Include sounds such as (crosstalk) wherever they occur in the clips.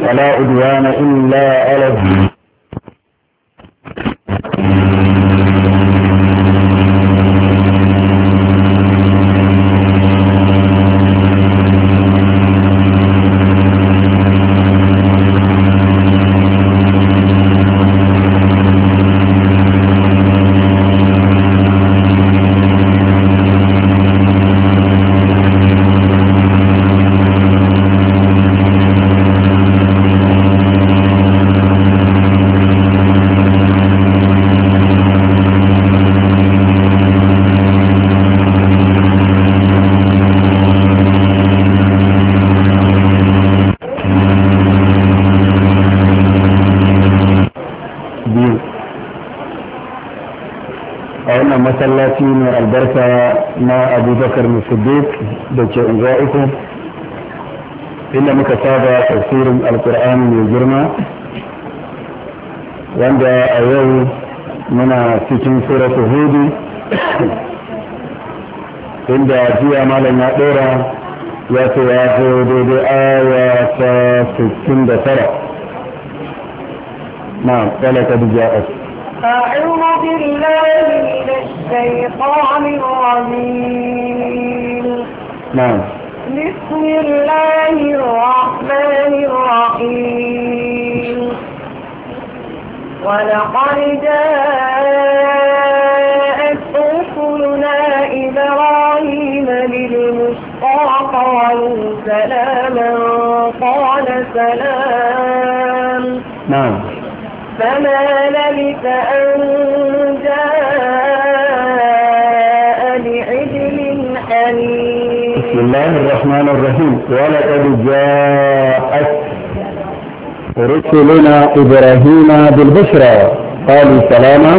ولا عدوان إلا على الظالمين abu bakar musaddiq da ke uku inda muka saba tafsirin alkur'ani mai girma wanda a yau muna cikin suratul hudu inda jiya malam ya ɗora ya ce ya zo daidai aya ta 69 نعم قال قد جاءت أعوذ بالله من الشيطان الرجيم نعم بسم الله الرحمن الرحيم ولقد جاءت رسلنا إبراهيم بالمشقى قالوا سلاما قال سلام نعم فما لبث أن بسم الله الرحمن الرحيم ولقد جاءت رسلنا إبراهيم بالبشرى قالوا سلاما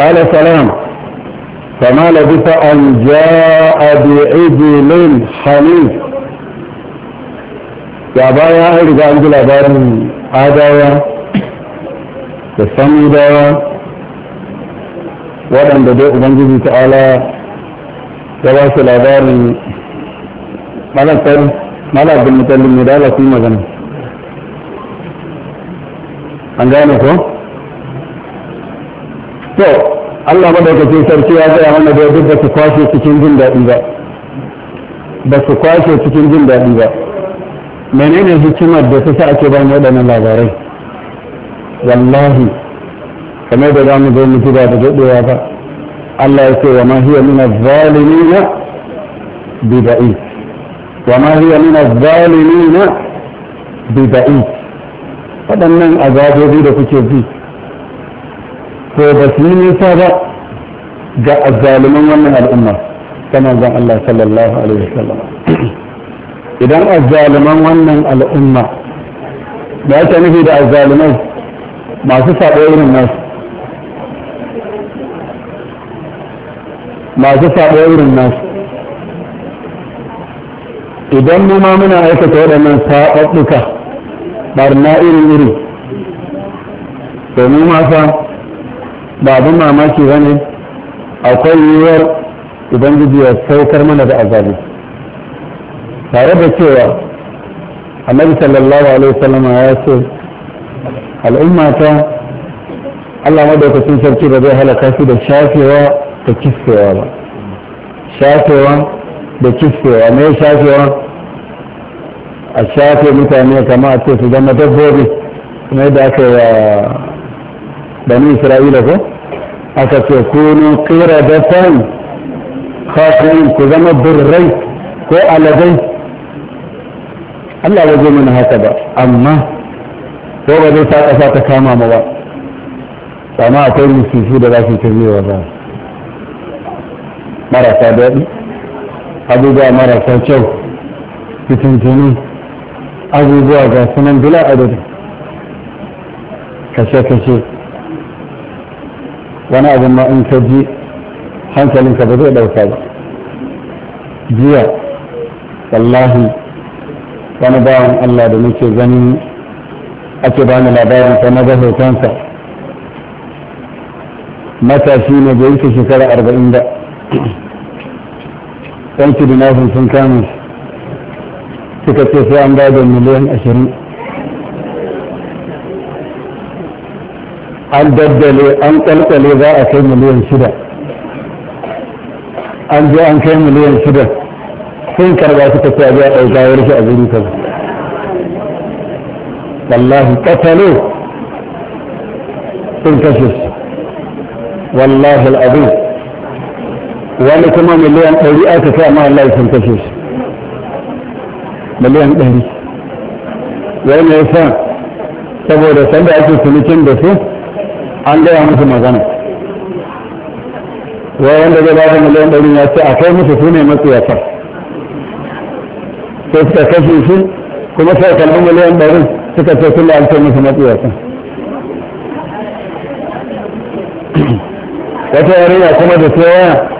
قال سلام فما لبث أن جاء بعجل حنيف يا baya an riga an ادايا labarin adawa بدوء samudawa waɗanda dai ubangiji ta'ala malam sani malam abdul mutallin ne da ala su yi magana an gane ko to Allah madaukakin sarki ya gaya mana da duk da su kwashe cikin jin daɗi ba ba su kwashe cikin jin daɗi ba menene hikimar da ta sa ake ba mu waɗannan labarai wallahi kamar da za mu zo mu ji ba da daɗewa ba Allah ya ce wa ma hiya min az-zalimin bi ba'id وما هي من الظالمين ببعيد waɗannan azabobi da kuke bi ko ba su yi nisa ba ga azzaluman wannan al'umma ta manzon Allah sallallahu alaihi wasallam idan azzaluman wannan al'umma da ake da azzalumai masu saɓo irin nasu masu irin nasu idan mu ma muna aikata waɗannan saɓaɓɓuka barna iri-iri domin ma fa ba abin mamaki ba ne akwai yiwuwar ubangiji ya saukar mana da azabi tare da cewa annabi sallallahu alaihi wasallam ya ce al'ummata Allah madaukakin sarki ba zai halaka su da shafewa da kiskewa ba shafewa da cikewa mai shafewa a shafe mutane kama a ce su zama dabbobi kuma da aka yi wa bani isra'ila ko aka ce kunu kira da fan kafin ku zama birrai ko aladai Allah ba zai mana haka ba amma ko ba zai sa ƙasa ta kama ma ba amma akwai musulci da za su tafiya ba marasa daɗi abubuwa marasa kyau fitintini abubuwa ga sunan bila adadi kashe-kashe wani abin ma in ka ji hankalinka ba zai ɗauka ba jiya wallahi wani bawan Allah da muke gani ake bani labarin sa na ga hotonsa matashi ne bai yake shekara arba'in ba. yanki da nafin sun kama suka ce sai an bada miliyan ashirin an daddale an kalkale za a kai miliyan shida an je an kai miliyan shida sun karba suka ce a ɗaukawar shi a guri kaza wallahi katalo sun kashe shi wallahi al'adu wani kuma miliyan ɗari aka sa ma Allah sun kashe shi miliyan ɗari wani ya sa saboda sanda ake cinikin da su an gaya musu magana wai wanda zai ba miliyan ɗari ya ce a kai musu su ne yasa sai suka kashe shi kuma sai kalbi miliyan ɗari suka ce sun la'anta musu yasa wata yarinya kuma da sai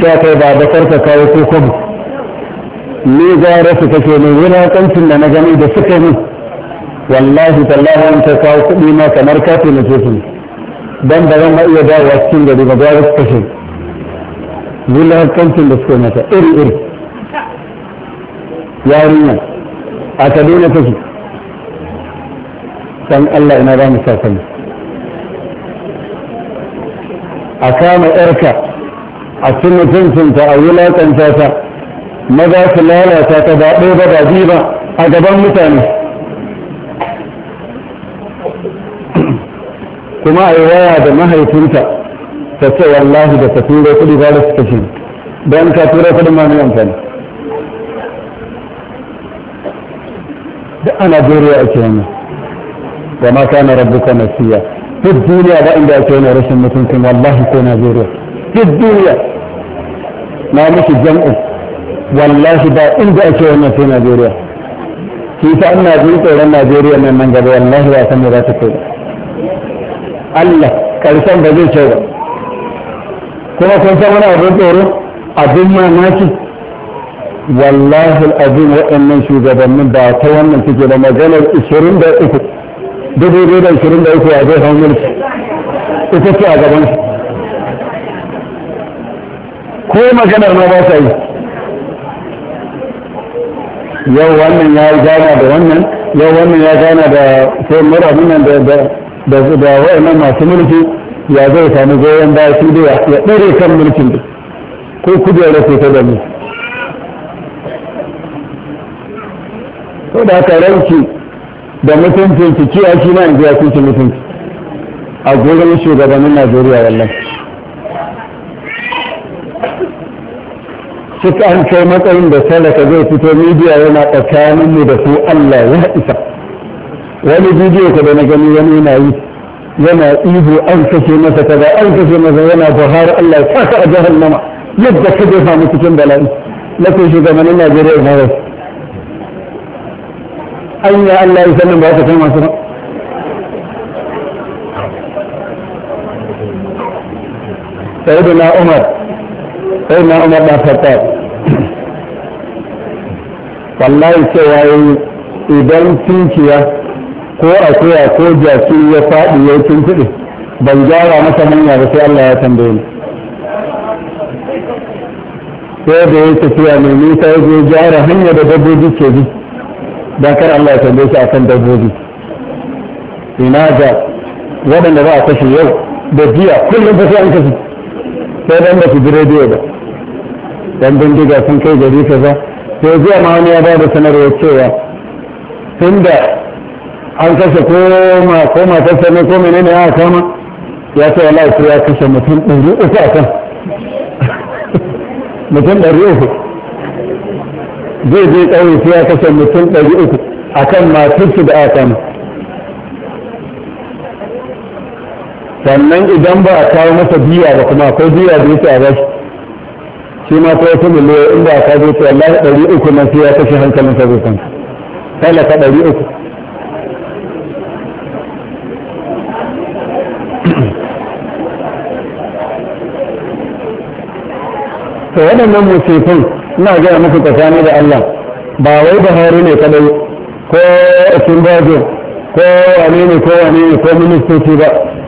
ta kai ba da karka kawo ko kwabu ni gara su kake ne wulaƙancin da na gani da suka yi wallahi tallahi an ta kawo kuɗi na kamar ka taimake su dan ba zan iya dawowa cikin gari ba gara su kashe wulaƙancin da suka mata iri iri yarinya a kaduna take dan Allah ina ba mu sa a kama yarka a cin mutuncinta a wulaƙanta ta maza su lalata ta ba ɗaya ba ba biyu ba a gaban mutane kuma a yi waya da mahaifinta ta ce wallahi da ta tura kuɗi ba da su kashe don ka tura kuɗin ma mai amfani duk a najeriya ake yana wa ma kana rabbuka nasiya duk duniya ba inda ake yana rashin mutuncin wallahi ko najeriya duk duniya مالك الجمع والله با عند اكو ما في نيجيريا في كان ما في تو نيجيريا من من قال والله يا سمي راتكو الله كرسان بجي تشو كما كنت انا ابو تور ابو ما ناتي والله العظيم وان من شو جاب من با تو من تجي لما قال 20 دقيقه دبي دبي 20 دقيقه يا جهه ko maganar ma ba sa yi yau wannan ya gana da wannan yau wannan ya gana da sai mura nan da da da da masu mulki ya zai sami goyon baya su da ya ɗare kan mulkin da ko kujera ce ta gani ko da ka ranci da mutuncin ki shi na inda ya kunci mutunci a gurin shugabannin Najeriya wallahi suka an kai matsayin da talaka zai fito midiya yana tsakaninmu da su Allah ya isa wani bidiyo ka da na gani wani yana yi yana ihu an kashe masa kaza an kashe masa yana buhar Allah ya saka a jahannama yadda ka zai samu cikin bala'i na kai shugabannin Najeriya na wasu anya Allah ya sanin ba ka kai masu ba sai da na Umar sai na umar da fattar wallahi cewa yi idan tunkiya ko a akuya ko jaki ya faɗi ya tun kuɗi ban gyara masa hanya ba sai Allah ya tambaye ni sai da ya tafiya mai nisa ya zo gyara hanya da dabbobi ke bi don kar Allah ya tambaye shi akan dabbobi ina ga waɗanda ba a kashe yau da jiya kullum fa sai an kashe sai dan da su ji rediyo ba dan bindiga sun kai gari kaza sai zuwa ma wani ya ba da sanarwa cewa tun da an kashe koma koma ko ma ta sanar ko menene ya kama ya ce wallahi sai ya kashe mutum ɗari uku a kan (laughs) mutum ɗari uku zai je ƙauye sai ya kashe mutum ɗari uku a kan matarsu da aka kama sannan idan ba a kawo masa biya ba kuma akwai biya da yake a bashi shi ma ko wata miliyoyi in ba a kawo ta wallahi ɗari uku na sai ya kashe hankalin sa zai talaka ɗari uku to waɗannan musifin ina gaya muku tsakani da Allah ba wai Buhari ne kadai ko Osinbajo ko wane ne ko wane ne ko ministoci ba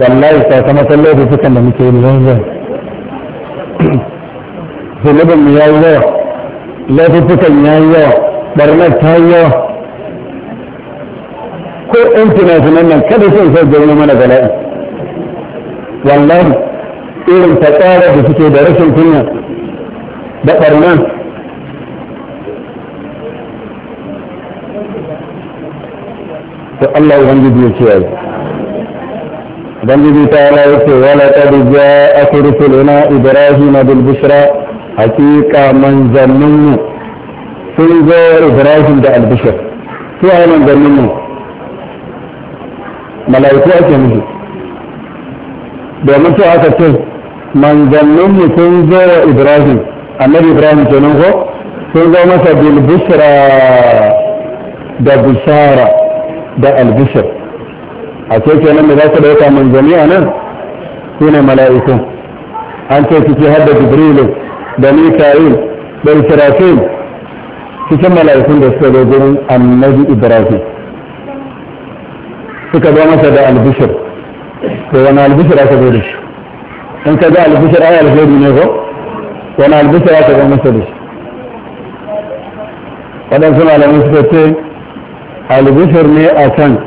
wallahi sakamakon laifukan da muke yi yanzu zunubin mu ya yi yawa laifukan ya yi yawa barnar ta yi yawa ko ɗan fina-finan nan kada sun sai zaune mana bala'i wallahi irin ta tsara da suke da rashin kunya da ɓarnan to Allah ubangiji ya ce yanzu بندي تعالى يكي ولقد جاء رسلنا ابراهيم بالبشرى حقيقة من زمن سنزور ابراهيم ده البشر سوى من زمن ملائكة كمه بمن سوى تقول من زمن سنزور ابراهيم النبي ابراهيم جنوه سنزور مثلا بالبشرى ده بشارة ده البشر a ce kenan da za su dauka manzanni a nan su ne mala'iku an ce ciki har da jibrilu da mika'il da israfil cikin mala'ikun da suka zo gurin annabi ibrahim suka zo masa da albishir to wani albishir aka zo da shi in ka ga albishir ai alheri ne ko wani albishir aka zo masa da shi waɗansu malamai suka ce albishir ne a can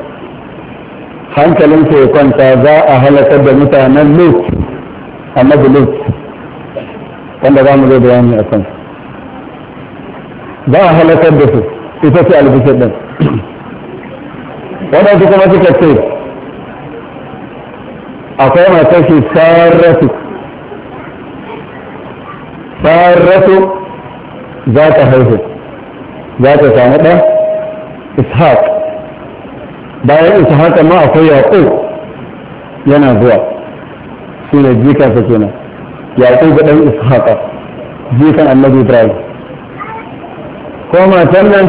ya kwanta za a halakar da mutanen lut a lut wanda za mu zai bayani a kan za a halakar da su ita ce albishir din kuma suka ce akwai matar shi za ta haihu za ta samu ɗan ishaq bayan isa haka ma akwai yaƙo yana zuwa shi ne jikansa kenan yaƙo ga ɗan isa haka jikan annabi ibrahim ko matan nan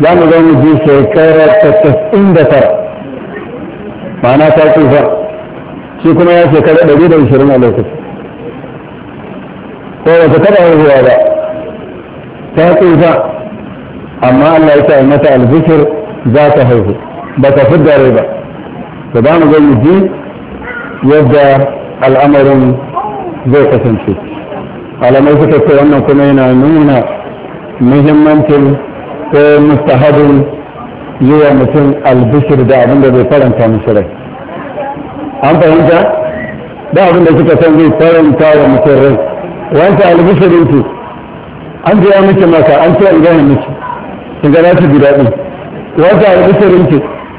za mu zama ji shekara ta tasa'in da tara ma'ana ta tsufa shi kuma ya shekara ɗari da ishirin a lokaci ko ba ta taɓa haihuwa ba ta tsufa amma Allah ya sa mata albishir za ta haihu ba ta fi rai ba da za mu gani ji yadda al'amarin zai kasance alamai suka ce wannan kuma yana nuna muhimmancin ko mustahabin yi wa mutum albishir da abin da zai faranta musu rai an fahimta da abin da suka san zai faranta wa mutum rai wanda albishirin ki an biya miki maka an ce an gane miki kin ga za ki ji daɗi wanda albishirin ki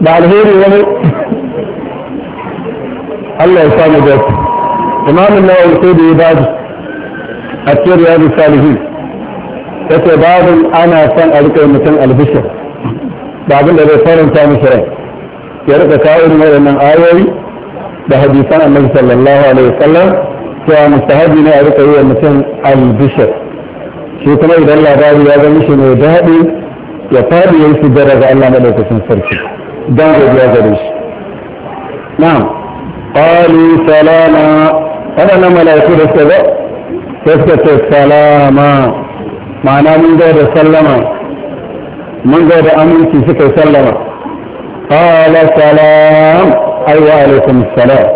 بعد هيري ولي يعني. الله يسامي جاك امام الله يسيد عباد اكثر يا ابي الصالحين كتب بعض انا سن اريك المسلم البشر بعض الله يسير انت عن شرع يرقى كائر من ان ايوي بحديثان النبي صلى الله عليه وسلم كان مستهدين اريك هو المسلم البشر شو كما يدل الله بابي هذا مش انه ya faɗi ya yi su gara ga Allah madaukakin sarki don godiya gare shi na'am qalu salama Kana wadannan mala'iku da suka ga sai suka ce salama ma'ana mun ga da sallama mun ga da aminci suka sallama qala salam ay wa alaikum salam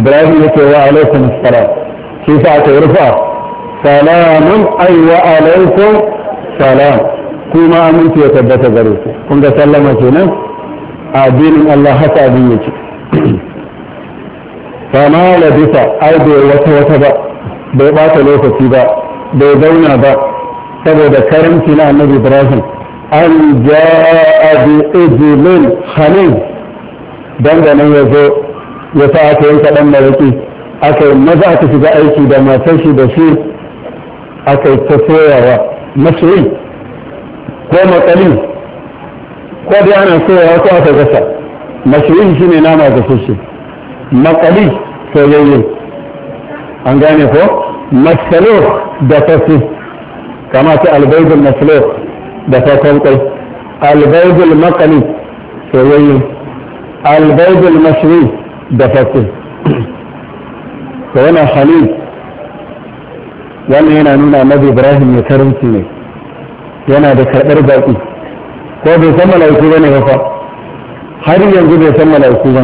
ibrahim yake wa alaikum salam shi sa aka rufa salamun ay wa alaikum salam kuma aminci ya tabbata gare ku kun ga sallama kenan addinin Allah haka abin yake (clears throat) fama labisa ai bai wata wata ba bai bata lokaci ba bai zauna ba saboda karamci na annabi ibrahim an ja'a bi ijlin khalil dangane ya zo ya sa aka yanka dan maraki aka yi maza aka shiga aiki da matar shi da shi aka yi ta soyawa masoyi ko matsali ko dai ana soya ko aka gasa masoyi shine nama gasashe matsali soyayye an gane ko masalo da fasu kama ta albaidul masalo da fasan kwai albaidul makali soyayye albaidul masri da fasu ko wannan halil wannan yana nuna annabi ibrahim ya karanci ne yana da karɓar baƙi ko bai san mala'iku ne ba fa har yanzu bai san mala'iku ne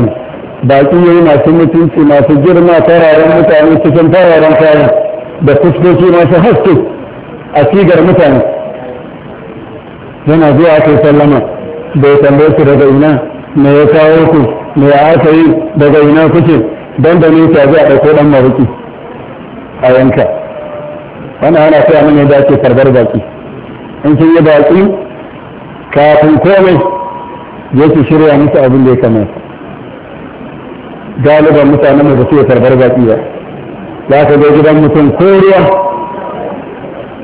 baƙi yayi masu mutunci masu girma fararen mutane cikin fararen kaya da fuskoki masu haske a sigar mutane yana zuwa aka sallama bai tambaye su daga ina me ya kawo ku me ya aka yi daga ina kuke don da ne ta zuwa ɗauko ɗan maruki a yanka wannan ana koya mana yadda ake karbar baki in sun yi baki kafin komai yake shirya musu abin da ya kamata galiban mutanen da su karbar baki ba za ka ga gidan mutum ko ruwa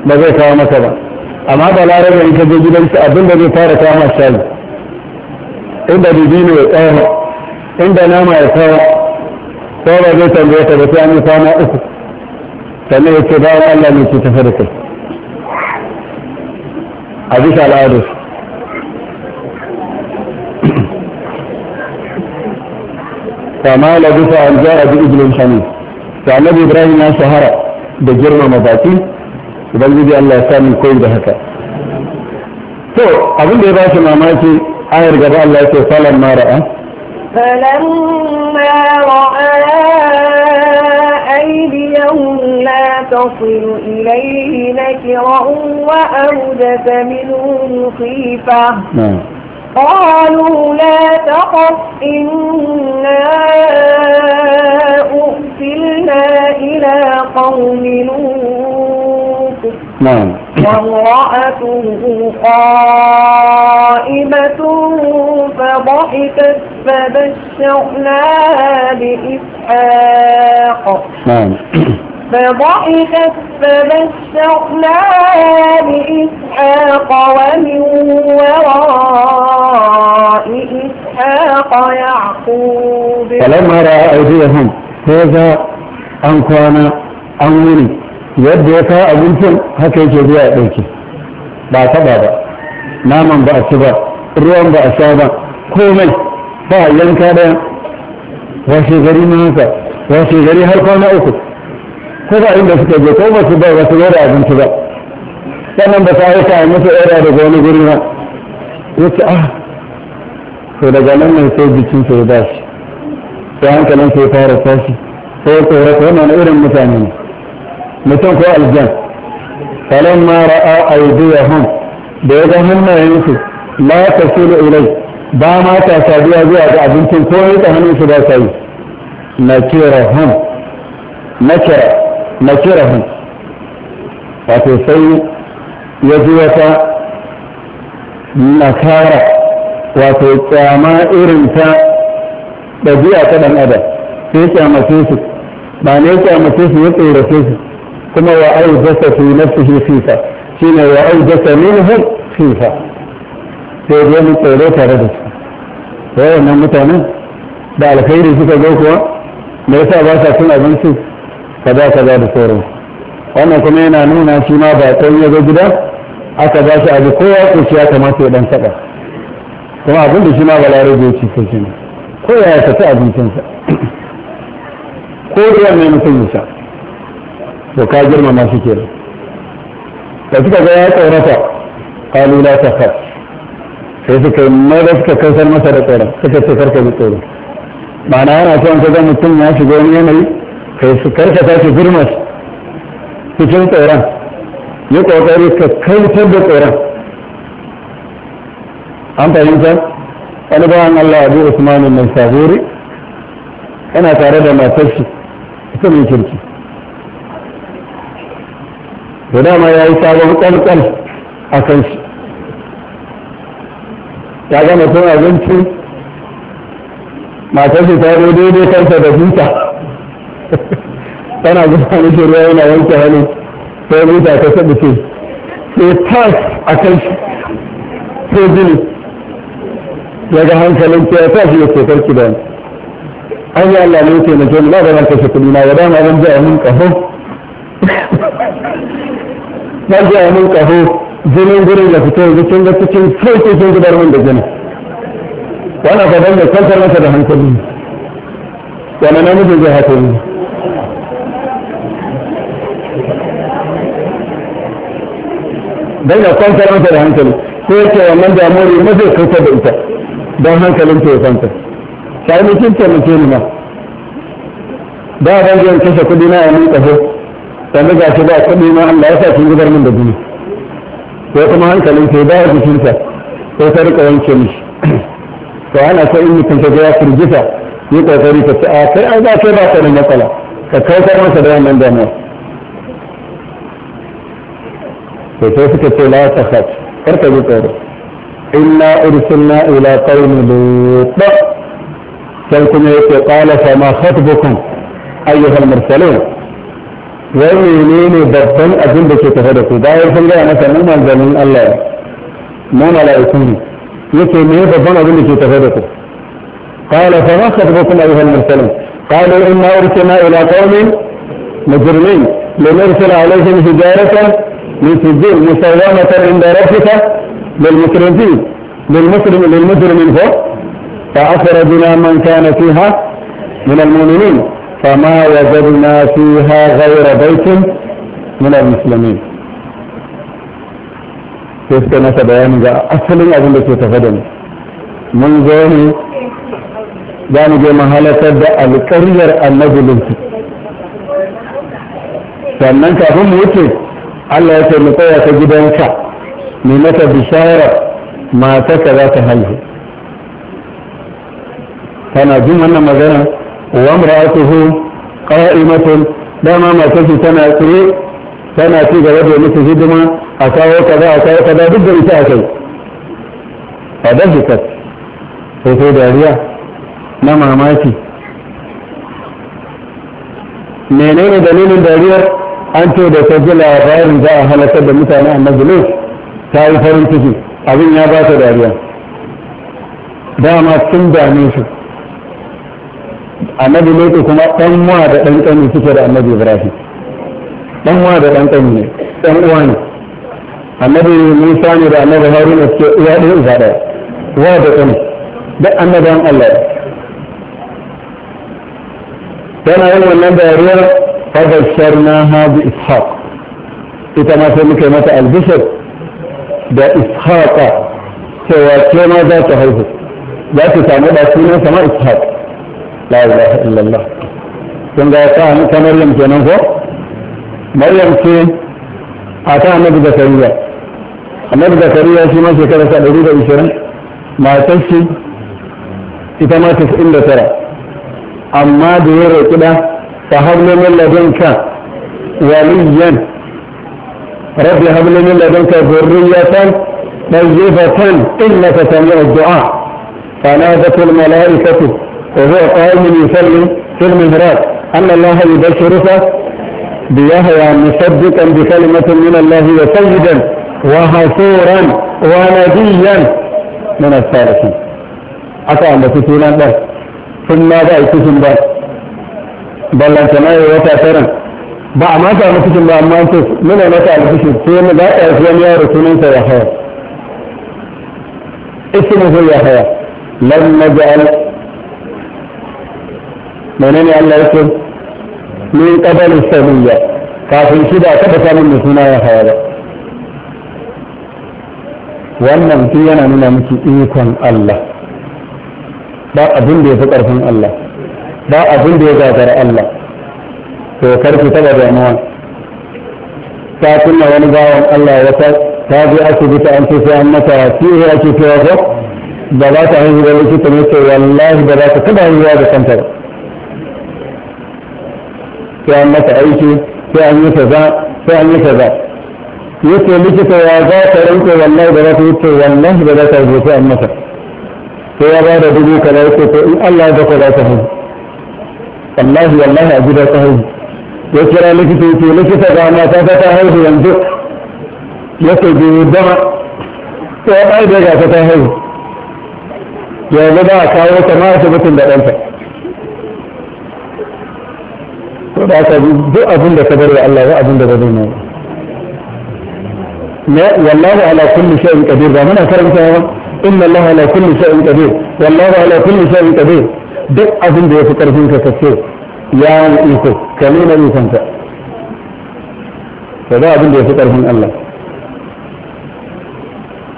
ba zai kawo maka ba amma da larabar in ka je gidansu abin da zai fara kama shayi inda dubino ya tsawo inda nama ya tsawo ko ba zai tambaye ta ba sai an yi kwana uku sannan ya ce bayan Allah ne ke tafi da kai a bisa al'adar kama labisa an jara bi ibn hamid to annabi ibrahim ya shahara da girmama baki ubangiji Allah ya sami koyi da haka to abin da ya ba shi mamaki ayar gaba Allah ya ce falan mara an فلما رأى أيدي أنهم لا تصل إليه نكرا وأوجس منهم خيفة نعم. قالوا لا تقف إنا أرسلنا إلى قوم لوط نعم وامرأته قائمة فضحكت فبشرناها بإسحاق نعم. فضحكت فبشرناها بإسحاق ومن وراء إسحاق يعقوب فلما رأى أيديهم هذا أنكوانا أمري yadda ya kawo abincin haka yake zuwa ya ɗauke ba a taɓa ba naman ba a ci ba ruwan ba a sha ba komai ba a yanka ɗaya washe gari na haka washe gari har kwana uku ko ba inda suka je ko ba su ba ba su da abinci ba sannan ba sa aika a musu ɗaya daga wani guri ba ya ce ah to daga nan mai sai jikinsa ya dashi sai hankalinsa ya fara tashi sai ya tsorata wannan irin mutane ne mutum ko aljan falon ma ra'a a hun da ya ga hannayensu la ta sulu ilai ba ma ta saduwa zuwa ga abincin ko ya hannun hannunsu ba sa yi na kira hun na kira hun wato sai ya ji wata nakara wato kyama irin ta ɗabi'a ta ɗan adam sai kyamace su ba ne kyamace su ya tsorace su kuma wa aujasa fi nafsihi khifa shine wa aujasa minhum khifa sai dai mu tsoro tare da su wayannan mutanen da alkhairi suka zo kuwa me yasa ba sa cin abinci kaza kaza da sauran wannan kuma yana nuna shi ma ba tsayin ya zo gida aka ba shi abu kowa ko shi ya kamata ya dan kada kuma abin da shi ma balarabe ya ci ko shi ne kowa ya tafi abincinsa ko da mai mutum ya sha to ka girmama shi kenan da suka ga ya tsorata kalu la fa sai suka mai da suka kansar masa da tsoron suka ce karka bi tsoron ma'ana yana son ka ga mutum ya shiga wani yanayi kai su karka ta shi girmas cikin tsoron yi kokari ka kautar da tsoron an fahimta wani bayan Allah abu Usman mai sahuri yana tare da matar shi ita mai kirki to dama ya yi sabon kalkal a kan shi ya gama tun abinci matar shi ta zo daidai kansa da buta tana zuwa mishi ruwa yana wanke hannu sai buta ta saɓi ce sai tas a kan shi sai ya daga hankalin ke ya tashi ya ce karki da ni an yi Allah ne ya taimake ni ba da ranta kashe kuɗi na ya dama abin jiya mun kafa. ɗaga min ƙaho jinin gurin da fito yanzu kin ga cikin sauƙi kin zubar min da jinin wannan ba ban da kwantar masa da hankali wani namiji zai haka yi bai da kwantar masa da hankali ko yake wannan damuwar yi mafi kauta da ita don hankalin ta ya kwanta sai mutum taimake ni ma da ban zai kashe kuɗi na yamin ƙaho sannan ga shi ba kuɗi ma Allah ya sa shi zubar min da jini ko kuma hankalin sai ba jikinsa sai ta rika wanke mishi to ana so in mutum ka ya firgita yi kokari ka ci a kai ai ba kai ba ka da matsala ka kautar masa da wannan damuwa to sai suka ce la ta khat kar ka ji tsoro inna ursilna ila qaumi lut sai kuma yake qala fa ma khatbukum ayyuhal mursalun wai menene babban abin da ke tafe da ku bayan sun gaya masa mu manzannin Allah mu mala'iku ne yake me babban abin da ke tafe da ku qala fa ma khatbukum ayyuha al-mursalun qalu inna ursilna ila qaumin mujrimin لنرسل عليهم حجارة من سجيل مسومة عند ربك للمسرفين للمسلم للمجرمين فوق فأخرجنا من كان فيها من المؤمنين فما وجدنا فيها غير بيت من المسلمين sai suka masa bayani ga asalin abin da ke tafa da mu mun zo ne za mu je mu halatar da alƙaryar annabi lutu sannan kafin mu wuce Allah ya ce mu tsaya ta gidanka mu mata bishara matarka za ta haihu tana jin wannan magana وامرأته قائمة دما ما تجي تناسي تناسي جواب يمسي جدما أساوه كذا أساوه كذا بد من تأكل هذا ذكر في سيد أهلية نما ماشي منين دليل الدليل أنت إذا سجل غير جاء هل سد مثلا مجلس تعرف أنت شيء أبين يا باشا دليل دما كم دعميشه annabi ne ko kuma ɗan wa da ɗan ƙani suke da annabi Ibrahim ɗan wa da ɗan ƙani ne ɗan uwa ne annabi Musa ne da annabi Haruna suke uwa ɗaya uba ɗaya wa da ƙani duk annabawan Allah tana yin wannan dariyar fagashar na habi ishaq ita ma sai muka yi mata albishir da ishaqa cewa ke ma za ta haihu za ta samu da sunan sama ishaq la ilaha illallah kun ga ta muka maryam kenan ko maryam ce a ta annabi zakariya annabi zakariya shi ma shekara sa ɗari da ishirin matar shi ita ma tasa'in da tara amma da ya roƙi ɗa ta hablo min ladonka waliyan rabbi hablo min ladonka zurriyatan طيبة إنك سميع الدعاء فنادت الملائكة وهو قائم يسلم في المهراب أن الله يبشرك بيهوى مصدقا بكلمة من الله وسيدا وحصورا ونبيا من الصالحين أتى أن تسولان بس ثم ماذا يتسم بس بل أنت ما يوتأثرا بعد ما mata alfishin ba amma ce muna mata alfishin sai mu za a yi wani yaro sunansa ya haya ismuhu ya haya lam naj'al menene Allah yake min qabala sabiyya kafin shi ba taɓa samun da suna ya hawa ba wannan shi yana nuna miki ikon Allah ba abin da ya fi ƙarfin Allah ba abin da ya gagar Allah to karki da mu ta kunna wani bawan Allah ya ta je asibiti an ce sai an mata sihir ake cewa ko ba za ta haihu da likita ne ce wallahi ba za ta taba hanyar da kanta ba sai an masa aiki sai an yi kaza sai an yi kaza yace likita ya za ka rinke wallahi da za ka yace wallahi da za ka sai an masa sai ya ba da dubu kaza yace to in Allah ya baka za ka haihu wallahi wallahi a gida ka haihu ya kira likita yace likita ga mata ta ta haihu yanzu yace bai dama sai ya ba da ga ta haihu yanzu ba a kawo ta ma asibitin da ɗanta ko da aka duk abin da ka bar Allah ba abin da ba zai mai na wallahu ala kulli shay'in qadir ba muna karantawa inna Allah ala kulli shay'in qadir wallahu ala kulli shay'in qadir duk abin da yafi karfin ka kace ya iko ka nuna ikon ka ka abin da yafi karfin Allah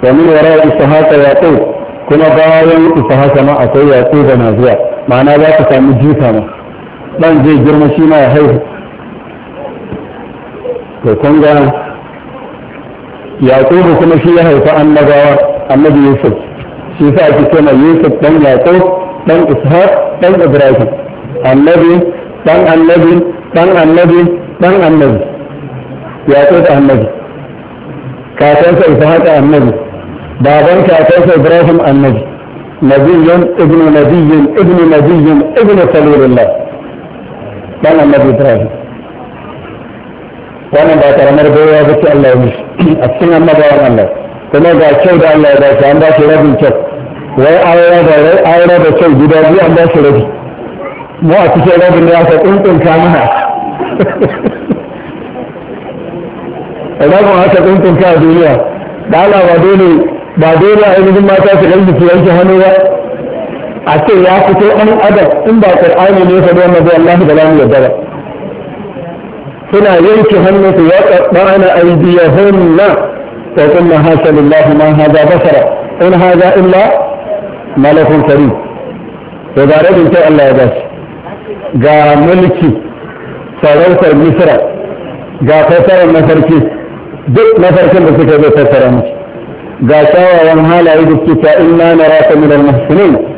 wa min wara'i istihaka yaqub kuma bayan istihaka ma akwai yaqub na zuwa ma'ana za ka samu jifa ma ɗan zai girma shi ma ya haihu to kun ga yaƙubu kuma shi ya haifi annabawa annabi yusuf shi sa ake ce mai yusuf ɗan yaƙub ɗan ishaq ɗan ibrahim annabi ɗan annabi ɗan annabi ɗan annabi yaƙub annabi kakansa ishaq annabi baban kakansa ibrahim annabi نبي ابن نبي ابن نبي ابن خليل الله dan annabi ibrahim wannan ba karamar goyon ba ce allah ya mishi a cikin annabawan allah kuma ga kyau da allah ya ba shi an ba shi rabin kyau wai aure da wai aure da kyau gida biyu an ba shi rabi mu a cikin rabin da aka tsuntsunta mana rabin aka tsuntsunta a duniya da ala ba dole ba dole a yi mata su ɗan biki yanke hannu ba a ce ya fito an adam in ba ƙar'ani ne fa don mabi Allah da lamu yadda ba suna yanke hannu su ya ƙar'ana aidiyahunna ta kuma hasalillahu ma haza basara in haza illa malakun kari to ga rabin kai Allah ya ba shi ga mulki sarautar misra ga fasarar mafarki duk mafarkin da suka zai fasara musu ga kyawawan halaye da suke ta inna na rasa minal muhsinin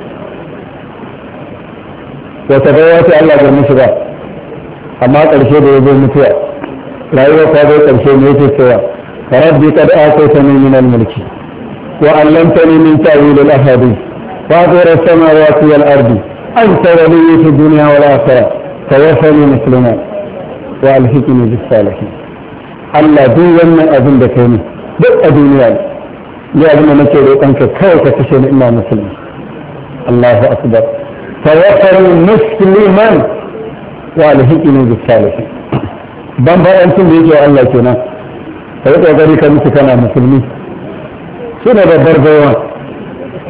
وتبوات الله جرمشبا أما ترشيد يبو متوى لا يوفى ترشيد ميت السوى ربي قد آتيتني من الملك وعلمتني من تأويل الأحاديث فاضر السماوات والأرض أنت ولي في الدنيا والآخرة توفني مسلما وألحقني بالصالحين الله دون يمن أذن بكيني بل أدوني يا ابن مكي لو أنك كوكا تشير إمام مسلم الله أكبر فيصل مسلما وعليه إنه بالثالث بان بقى أنتم بيجوا الله كنا فيبقى ذلك مسكنا مسلمين شنو هذا برزوان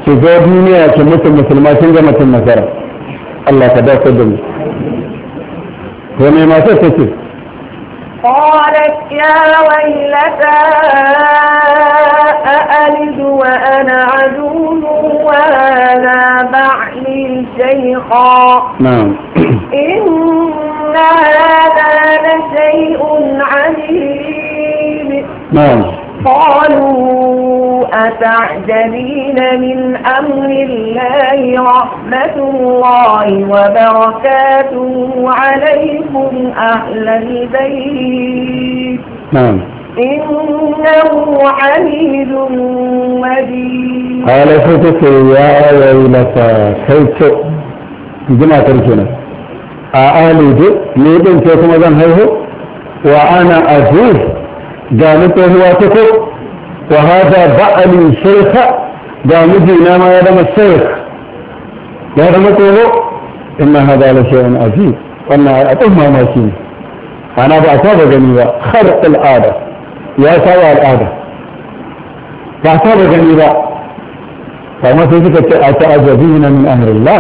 شزوب مني أشمت المسلمات إن جمت النظرة الله تبقى قدمي ومي ما سكتي قالت يا ويلتا أألد وأنا عدو وهذا شيخا نعم إن هذا لشيء عليم نعم قالوا أتعجبين من أمر الله رحمة الله وبركاته عليكم أهل البيت نعم إنه حميد مجيد قال فتك يا ويلتا آه، كيف جمع تركنا أعالج ليبن كيكم أذن هيه وأنا أزيه جانبه هو تكو وهذا بعلي شيخ جانبي نام يدم الشيخ يدم كله إن هذا لشيء عجيب وأنا أتهم ما شيء أنا بأسابة جميلة خلق الآدم ya saba al'ada ba da gani ba kama sai suka ce a ta'azabi na min amrillah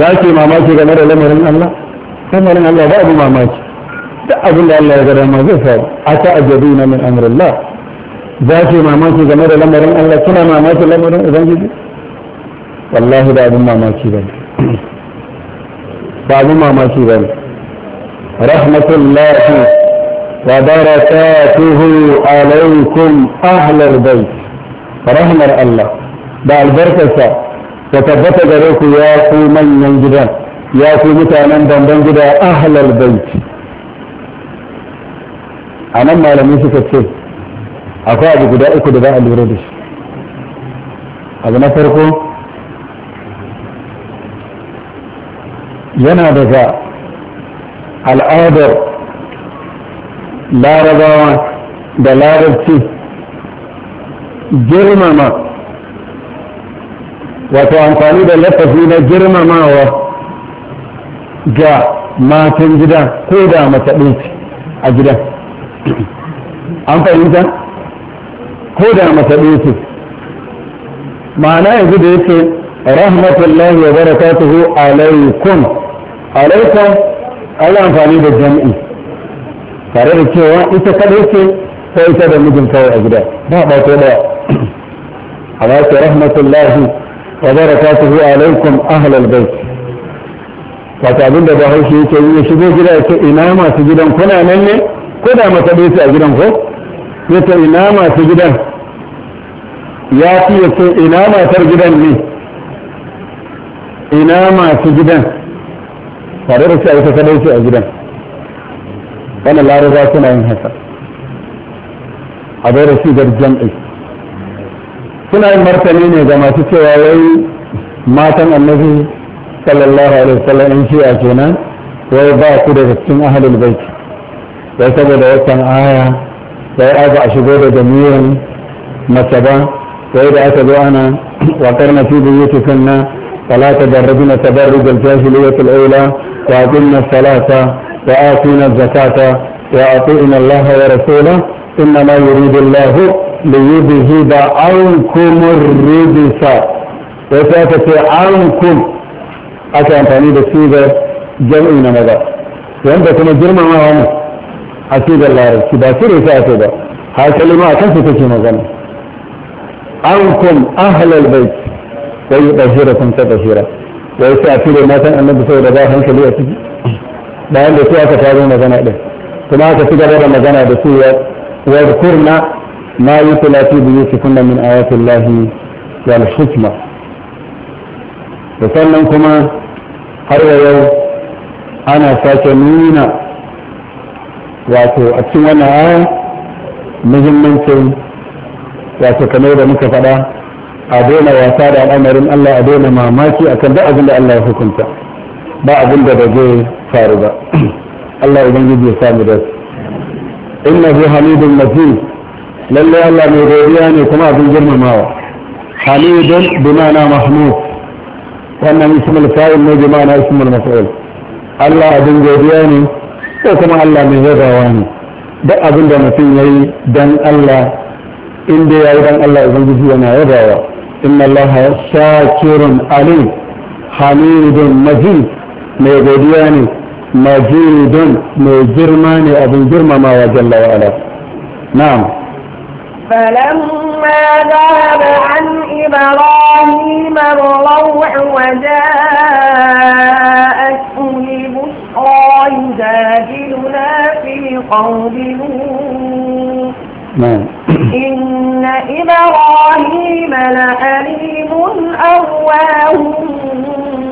za ke mamaki game da lamarin Allah lamarin Allah ba abu mamaki duk abin da Allah ya gada ma zai faru a ta'azabi na min amrillah za ke mamaki game da lamarin Allah kina mamaki lamarin ubangiji wallahi da abin mamaki ba ba abin mamaki ba rahmatullahi وبركاته عليكم أهل البيت رحمة الله دع البركة وتبت جريك يا من ينجد يا كمتا من بنجد أهل البيت أنا ما لم يسك شيء أقعد قدائك دباء الوردش أبنى فرقه ينا بذا العابر larabawa da larabci girmama wato amfani da lafafi na girmamawa ga matan gida ko da mace a gida an fahimta ko da mace ma'ana yanzu da yake rahmatullahi wa barakatuhu alaikum alaikum ala amfani da jam'i tare da cewa ita kadai ce ko ita da mijin kawai a gida ba ba ko ba amma ta rahmatullahi wa barakatuhu alaikum ahlal bait ta abin da haushi yake yi ya shigo gida ya ce ina masu gidan kuna nan ne ko da mata bai su a gidan ko ya ce ina masu gidan ya fi ya ce ina matar gidan ne ina masu gidan tare da shi a ita kadai ce a gidan wannan laraba suna yin haka a bai rasidar jam'i suna yin martani ne ga masu cewa wai matan annabi sallallahu alaihi wasallam in shi'a kenan wai ba ku daga cikin ahalul bait wai saboda wannan aya sai aka a shigo da jami'in mace sai da aka zo ana (clears throat) wa karna fi buyutikunna salata tadarrabina tabarruj al-jahiliyyah al-ula wa aqimna salata وآتينا الزكاة وأطيعنا الله ورسوله إنما يريد الله ليذهب عنكم الرجس وسأتت عنكم أتى أمفاني بسيبة جمعنا ماذا وأنت كما جرمى ما هم أسيد الله رجس باسير إساءته با هاي كلمة كيف تجمع ذنب عنكم أهل البيت ويطهركم تطهيرا ويسأتي لما تنبسوا رباهم كليئة bayan da su aka taro magana din kuma aka ci gaba da magana da su wa kurna ma yi tulati bi yusufunna min ayatillahi wal hikma da sannan kuma har yau ana sake nuna wato a cikin wannan aya muhimmancin wato kamar da muka faɗa a daina wasa da al'amarin Allah a daina mamaki akan duk abin da Allah ya hukunta ba abin da ba zai faru ba Allah ubangiji ya samu da su inna hu hamidun majid lalle Allah mai godiya ne kuma abin girmamawa hamidun bimana mahmud wannan ismul fa'il ne bimana ismul maf'ul Allah abin godiya ne ko kuma Allah mai yabawa ne duk abin da mutum yayi dan Allah inda dai yayi dan Allah ubangiji yana yabawa inna Allah shakirun alim hamidun majid mai godiya ne من mai girma ne abin وجل jalla wa ala na'am فلما ذهب عن إبراهيم الروح وجاءته البشرى يجادلنا في قوم نعم إن إبراهيم لحليم أواه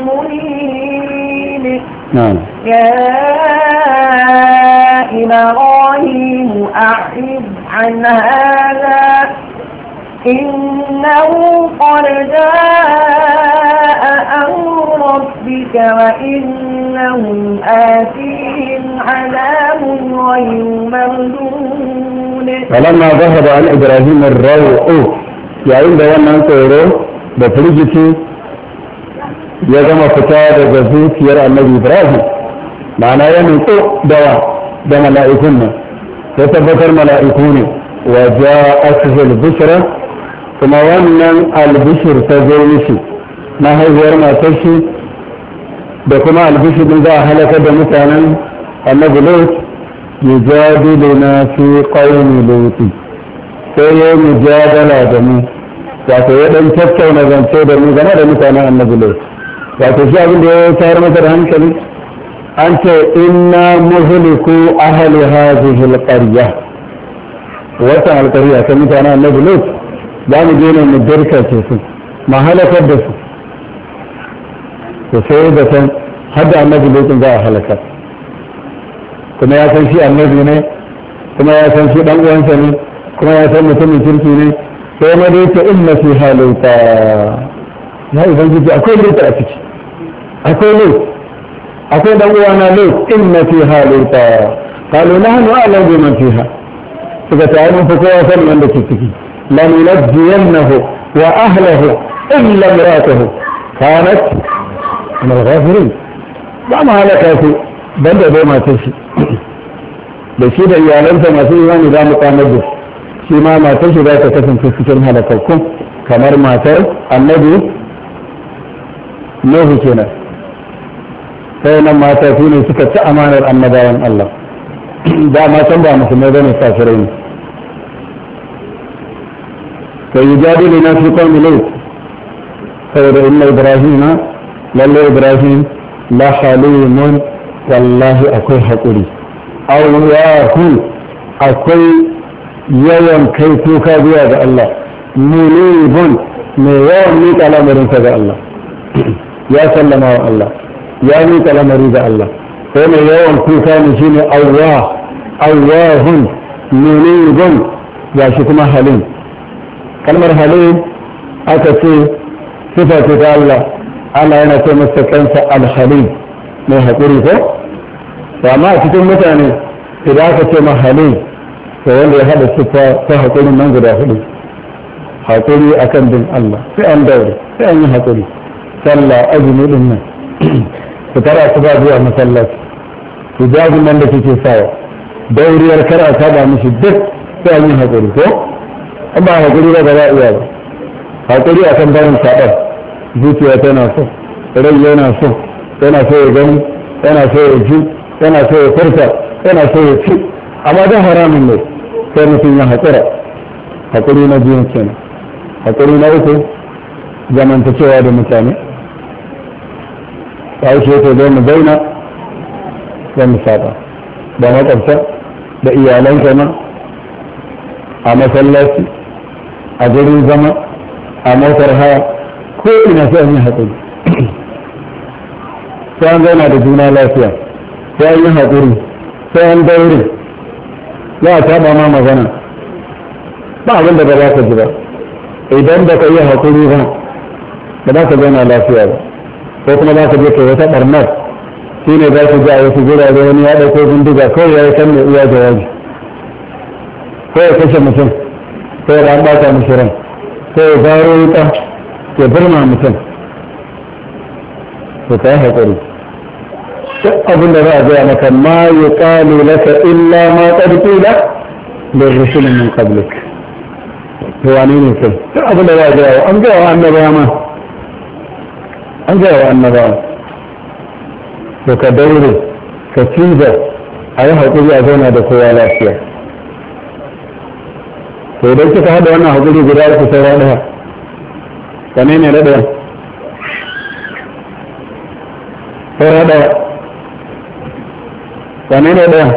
منيب نعم يا إبراهيم أعرض عن هذا إنه قد جاء أمر ربك وإنهم آتيهم عذاب غير مردود فلما ذهب عن إبراهيم الروع يا إبراهيم أنت da firgici ya gama fita daga zuciyar annabi ibrahim ma'ana ya nutsu dawa da mala'ikun nan ya tabbatar mala'iku ne wa ja'atuhul bushra kuma wannan albishir ta zo mishi na haihuwar matar shi da kuma albishir za a halaka da mutanen annabi lut yujadiluna fi qawmi lut sai ya mujadala da mu wato ya dan tattauna zance da mu game da mutanen annabi lut wato shi abin da ya tayar masa da hankali an ce inna muhliku ahli hadhihi alqarya wata alqarya ta mutanen annabi lut za mu je ne mu dirkace su ma halakar da su to sai da san har da annabi lut za a halakar kuma ya san shi annabi ne kuma ya san shi dan uwansa ne kuma ya san mutumin kirki ne sai ma dai ta inna fi halinta ya ubangiji akwai lita a ciki akwai lut akwai dan uwana lut inna na hannu a nahnu a'lamu fi ha suka ta mun fa kowa san wanda ke ciki na yunjiyannahu wa in ahlihi illa imratuhu kanat min al-ghafirin ba ma halaka su banda dai matar shi (clears throat) da shi da iyalansa masu imani za mu kamar da shi ma matar shi za ta kasance cikin halakakku kamar matar annabi nuhu kenan wayannan mata su ne suka ci amanar annabawan Allah da ma san ba musulmai bane kafirai ne fa yujadilu na fi qawmi lut da inna na lalle ibrahim la mun wallahi akwai haƙuri awwahu akwai yawan kai tuka zuwa ga Allah mun mai yawan miƙa lamarinsa ga Allah (clears throat) ya sallama wa Allah ya miƙa lamari ga Allah sai mai yawan kuka ne shi ne Allah Allahun menene ya shi kuma halin kalmar halin aka ce sifa ce ta Allah Allah yana ce masa kansa alhalin mai haƙuri ko amma a cikin mutane idan aka ce mahalin to wanda ya haɗa siffa ta haƙurin nan guda hudu haƙuri akan bin Allah sai an daure sai an yi haƙuri sallah azumi din nan fitar su ba zuwa masallaci hijabin nan da kike sawa dauriyar kar a saba mishi duk sai an yi hakuri ko an ba hakuri ba za iya ba haƙuri a kan barin saɓar zuciya tana so rai yana so yana so ya gani yana so ya ji yana so ya furta yana so ya ci amma don haramun ne sai mutum ya haƙura haƙuri na biyun kenan haƙuri na uku zamantakewa da mutane haushe ta zo mu zauna za mu saba da makwabta da iyalanka ma a masallaci a garin zama a motar haya ko ina sai an yi haƙuri (clears throat) sai an zauna da juna lafiya sai an yi haƙuri sai an daure za a saba ma magana ba abin da ba za ka ji ba idan ba ka yi haƙuri ba ba za ka zauna lafiya ba ko kuma za ka je ka wata barnar shi ne za ku ji a wasu gurare wani ya ɗauko bindiga ko ya yi kan mai iya jawabi ko ya kashe mutum ko ya an ɓata mishi ran ko ya zaro wuta ya birma mutum to ka yi haƙuri duk abin da za a gaya maka ma ya ƙalu laka illa ma ƙarfi da da rasulun min qablik to wani ne kai duk abin da za a gaya an gaya wa annabawa ma an gaya wa annabawa to ka daure ka ciza a yi haƙuri a zauna da kowa lafiya to idan kika haɗa wannan haƙuri guda uku saura ɗaya wane ne da ɗaya saura ɗaya wane ne ɗaya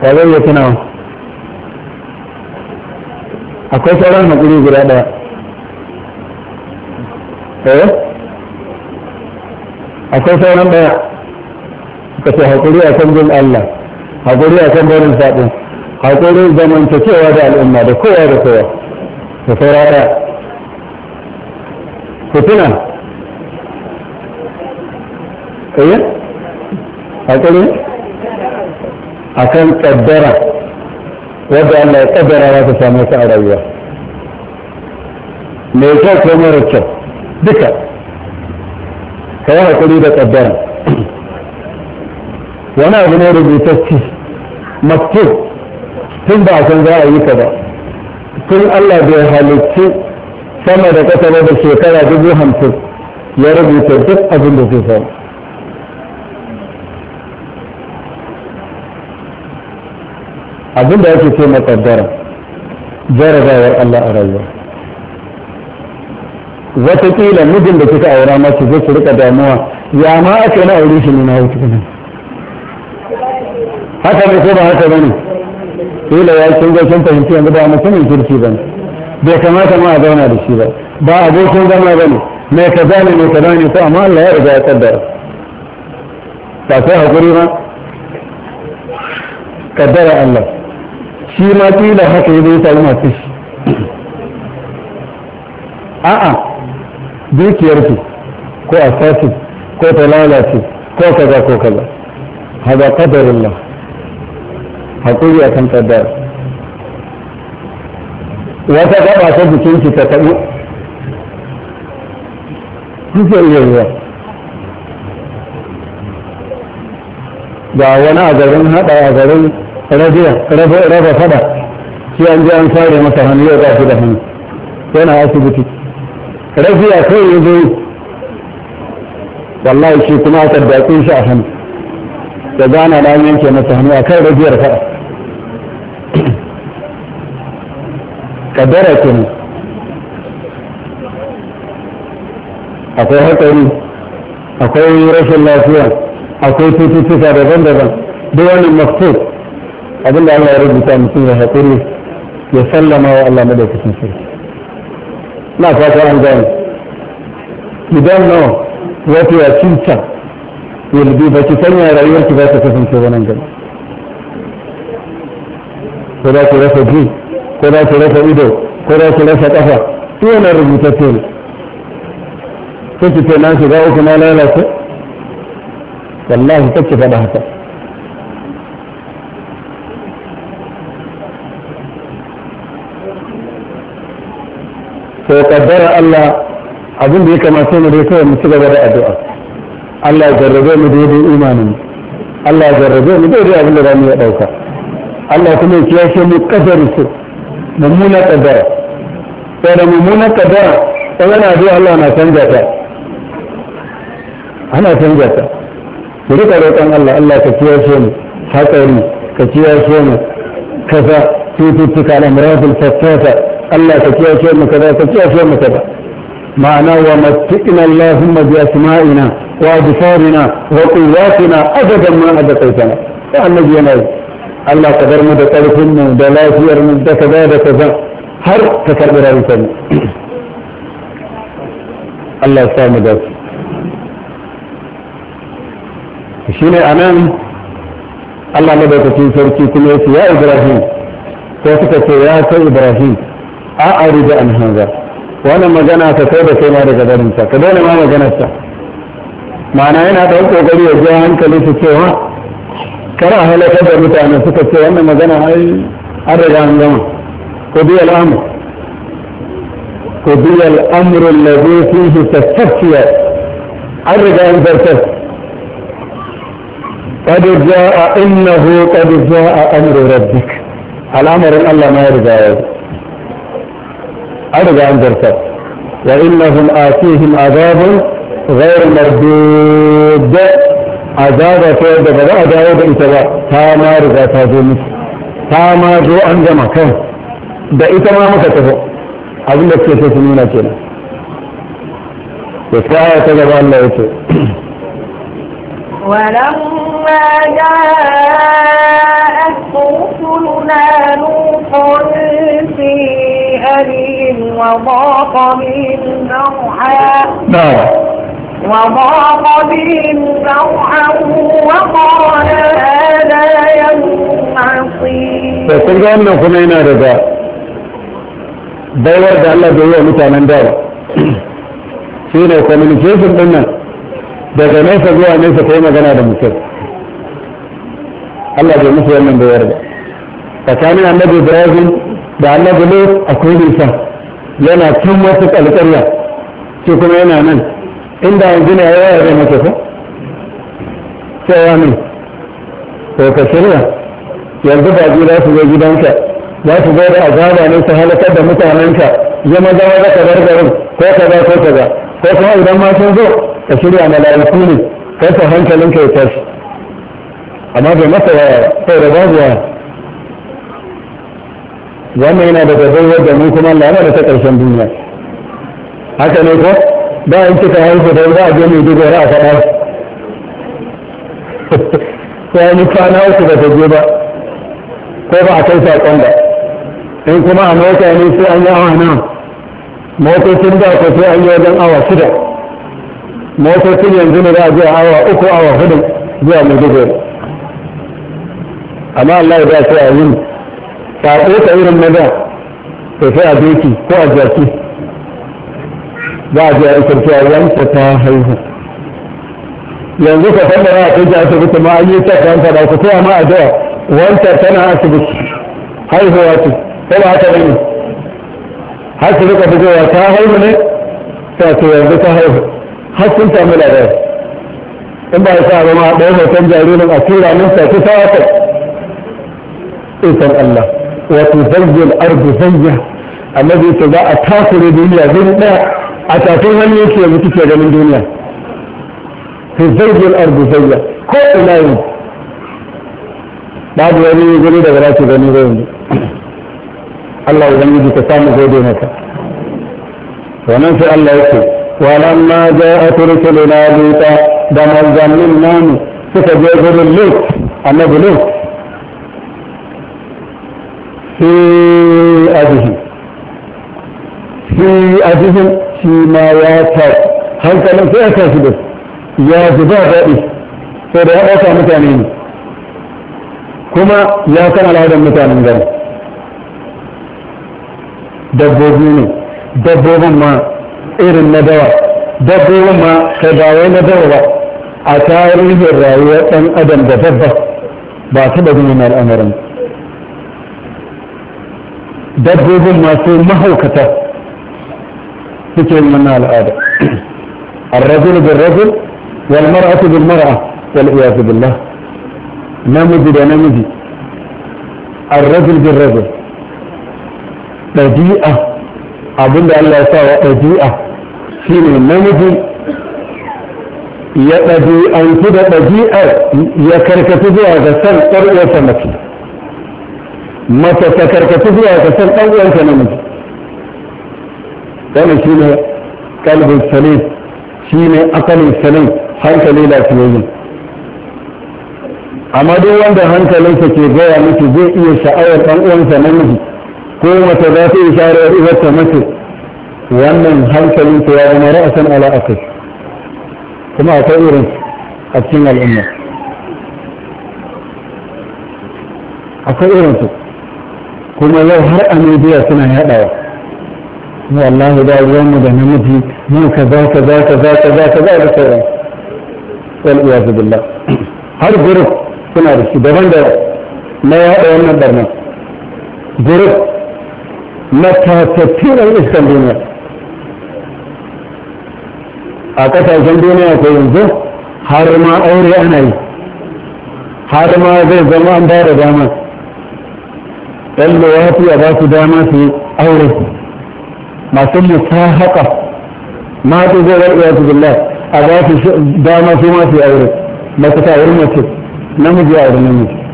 ba zai yi tunawa akwai sauran haƙuri guda ɗaya eh akwai sauran daya ka ce haƙuri a kan bin Allah haƙuri a kan barin saɓin haƙuri zamantakewa da al'umma da kowa da kowa da saura daya ku tuna eh haƙuri a kan ƙaddara wadda Allah ya ƙaddara za ta samu su a rayuwa mai kyau ko mara kyau duka ka yi haƙuri da ƙaddara wani abu ne rubutacci maktub tun ba san za a yi ka ba tun allah bai halicci sama da ƙasa ba da shekara dubu hamsin ya rubuta duk abin da zai samu abin da yake ce makaddara jarabawar allah a rayuwa wataƙila mijin da kika aura masu zai zo rika damuwa ya ma aka na aure shi ne na wuce kuma haka ne ko ba haka ba ne kila ya kin ga kin fahimci yanzu ba mutumin kirki ne bai kamata ma a zauna da shi ba ba abokin zama ne mai kaza ne mai za ne ko amma Allah ya riga ya kaddara ba sai hakuri ba kaddara Allah shi ma kila haka ya zai samu masu shi (coughs) a'a dukiyarki ko a sati ko ta lalace ko kaza ko kaza haza kadarin nan haƙuri a kan kaddara wata gaba ta jikinki ta taɓo kusa iya ruwa ga wani a garin haɗa a garin raba fada shi an ji an sare masa hannu yau ga shi da hannu yana asibiti rafiya sai ya zo wallahi shi kuma aka daƙe shi a hannu da gana na yanke masa hannu a kan rafiyar fara kadara kenan akwai hatsari akwai rashin lafiya akwai cututtuka daban-daban duk wani maktub abinda Allah ya rubuta mutum ya haƙuri ya sallama wa Allah madaukakin sarki na fata an gani idan don't wato ya cinta yalbi ba ki sanya rayuwar ki ba ta kasance wannan gani ko za ki rasa ji ko za ki rasa ido ko za ki rasa kafa yana rubuta ce ne sai ki ce na shiga uku na lalace wallahi ki faɗa haka to kaddara Allah abin da ya kamata mu dai kawai mu ci gaba da addu'a Allah ya jarrabe mu daidai imanin Allah ya jarrabe mu daidai abin da za mu ya dauka Allah kuma ya kiyashe mu kaddara su mummuna kaddara sai da mummuna kaddara sai yana addu'a Allah na canza ta ana canja ta ku rika roƙon Allah Allah ka kiyashe mu hatsari ka kiyashe mu kaza cututtuka na murabul fattata الله تكيه شيء مكذا تكيه شيء مكذا معنى ومتئنا اللهم بأسمائنا وأبصارنا وقواتنا أبدا ما أدقيتنا فأنا جينا الله قدر مدتر كنا دلاثير مدتا بابا كذا هر تكبر عيسان الله سامي داس شيني أمام الله مدتا تنسر كي كنيسي يا إبراهيم تأتي كي يا إبراهيم أعرض عن هذا wannan magana ta sai da kai ma daga barinsa ka daina ma maganarsa ma'ana yana da kokari ya ja hankali su cewa kara halakar da mutane suka ce wannan magana ai an riga an gama ko bi al'amur ko bi al'amur alladhi fihi tastafiya an riga an zartar qad jaa innahu qad jaa amru rabbik al'amarin Allah ma ya riga ya أرجع عن وإنهم آتيهم عذاب غير مردود عذاب فرد بدا عذاب بإتباع تاما رجع تاجمس تاما جو أنجمع كم دا إتما مكتفو أبن لك سيسمينا كنا وفاة تجب أن نعطي ولما جاء رسولنا نوح في جليل وضاق من نوحا نعم. وضاق من نوحا وقال هذا يوم عصيب. فتلقى أمنا خمينا رضا دولار ده الله فينا يتعمل كيف بنا ده جميسة جوية ميسة كيما جنا ده الله جوية مسوى من دولار فكان عمد إبراهيم da annabi ne akwai yana can wasu kalkarya ce kuma yana nan inda yanzu ne ya yare mace ko ya ne ko ka shirya yanzu ba ji za su zo gidanka za su zo da azaba ne su halakar da mutanenka zama zama da kadar garin ko kaza ko kaza ko kuma idan ma sun zo ka shirya mala'iku ne kai ka hankalinka ya tashi amma bai masa yaya sai da babu yaya wannan yana da baiwar da mu kuma Allah da ta ƙarshen duniya haka ne ko ba in kika haihu don za a je mai dubo ra a faɗa ko (laughs) wani kwana uku ba ta je ba ko ba a kai saƙon ba in kuma a mota ne sai an yi awa mota motocin da ko sai an yi wajen awa shida motocin yanzu ne za a je awa uku awa hudu zuwa mai dubo amma Allah ya ba shi a yini saƙo ta irin maza tafi a doki ko a jaki za a ji a isar cewa wanta ta haihu yanzu ka faɗa a kai ji asibiti ma an yi ta kanta da ku taya ma a dawa wanta tana asibiti haihuwa ce ko ba haka bane har su rika fitowa ta haihu ne ta ce yanzu ta haihu har sun samu labari in ba ya sa ba ma ɗaya hoton jaririn a tura min sa ta sa wata isan Allah وتزي الأرض زيه الذي تباع تاكل الدنيا زينا أتاكل من يكي يمتك يجل الدنيا تزي الأرض زيه كل لا يوم بعد ولي يقول إذا غلاك بني غيرهم الله يغني بك سامي زيدينك ومن سأل الله يكي ولما جاءت رسلنا بيتا دمزا من نامي سكجي يقول الليك النبي الليك fi ajihi fi ajihin shi ma ya hankalin sai ya tashi ya zuba daɗi sai da ya ɗauka mutane ne kuma ya san al'adar mutanen gani dabbobi ne dabbobin ma irin na dawa dabbobin ma kai ba wai na dawa ba a tarihin rayuwar ɗan adam da dabba ba ta da al'amarin dabbobin masu mahaukata suke mana al'ada الرجل بالرجل والمرأة بالمرأة والعياذ بالله namiji da namiji arrajul bin rajul ɗabi'a abinda Allah ya sawa ɗabi'a shine namiji ya ɗabi'antu da ɗabi'ar ya karkatu zuwa ga san ɗar'uwarsa mace Mata ta karkatu zuwa ka san ɗan uwanka na namiji wannan shine kalbin salim shine akalin salim hankali da lafiyayyen amma duk wanda hankalinsa ke gaya miki zai iya sha'awar ɗan uwansa na namiji ko mata za ta iya sha'awar uwarta mace wannan hankalinsa ya zama ra'asan ala akai kuma akwai irin a cikin al'umma akwai irin su kuma yau har a media suna yaɗawa wallahi da ruwanmu da namiji mu ka za ka za ka za ka za ka za da sauran wal iyazu billah (clears throat) har group suna da shi daban da na yaɗa wannan barna group na tatattunan iskan duniya a ƙasashen duniya ko yanzu har ma aure ana yi har ma zai zama an ba da dama ɗan luwafi ya ba su dama su yi aure masu mutu musahaka mata zai iya su billah a ba su dama su ma su yi aure masu ta wurin mace namiji a wurin namiji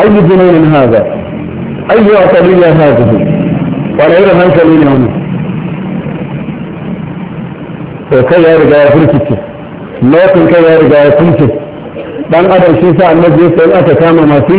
أي جنون ne wani عقلية kai ya riga ya وكي lokacin kai ya riga ya يفركك dan adam shi sa annabi ya sai aka kama masu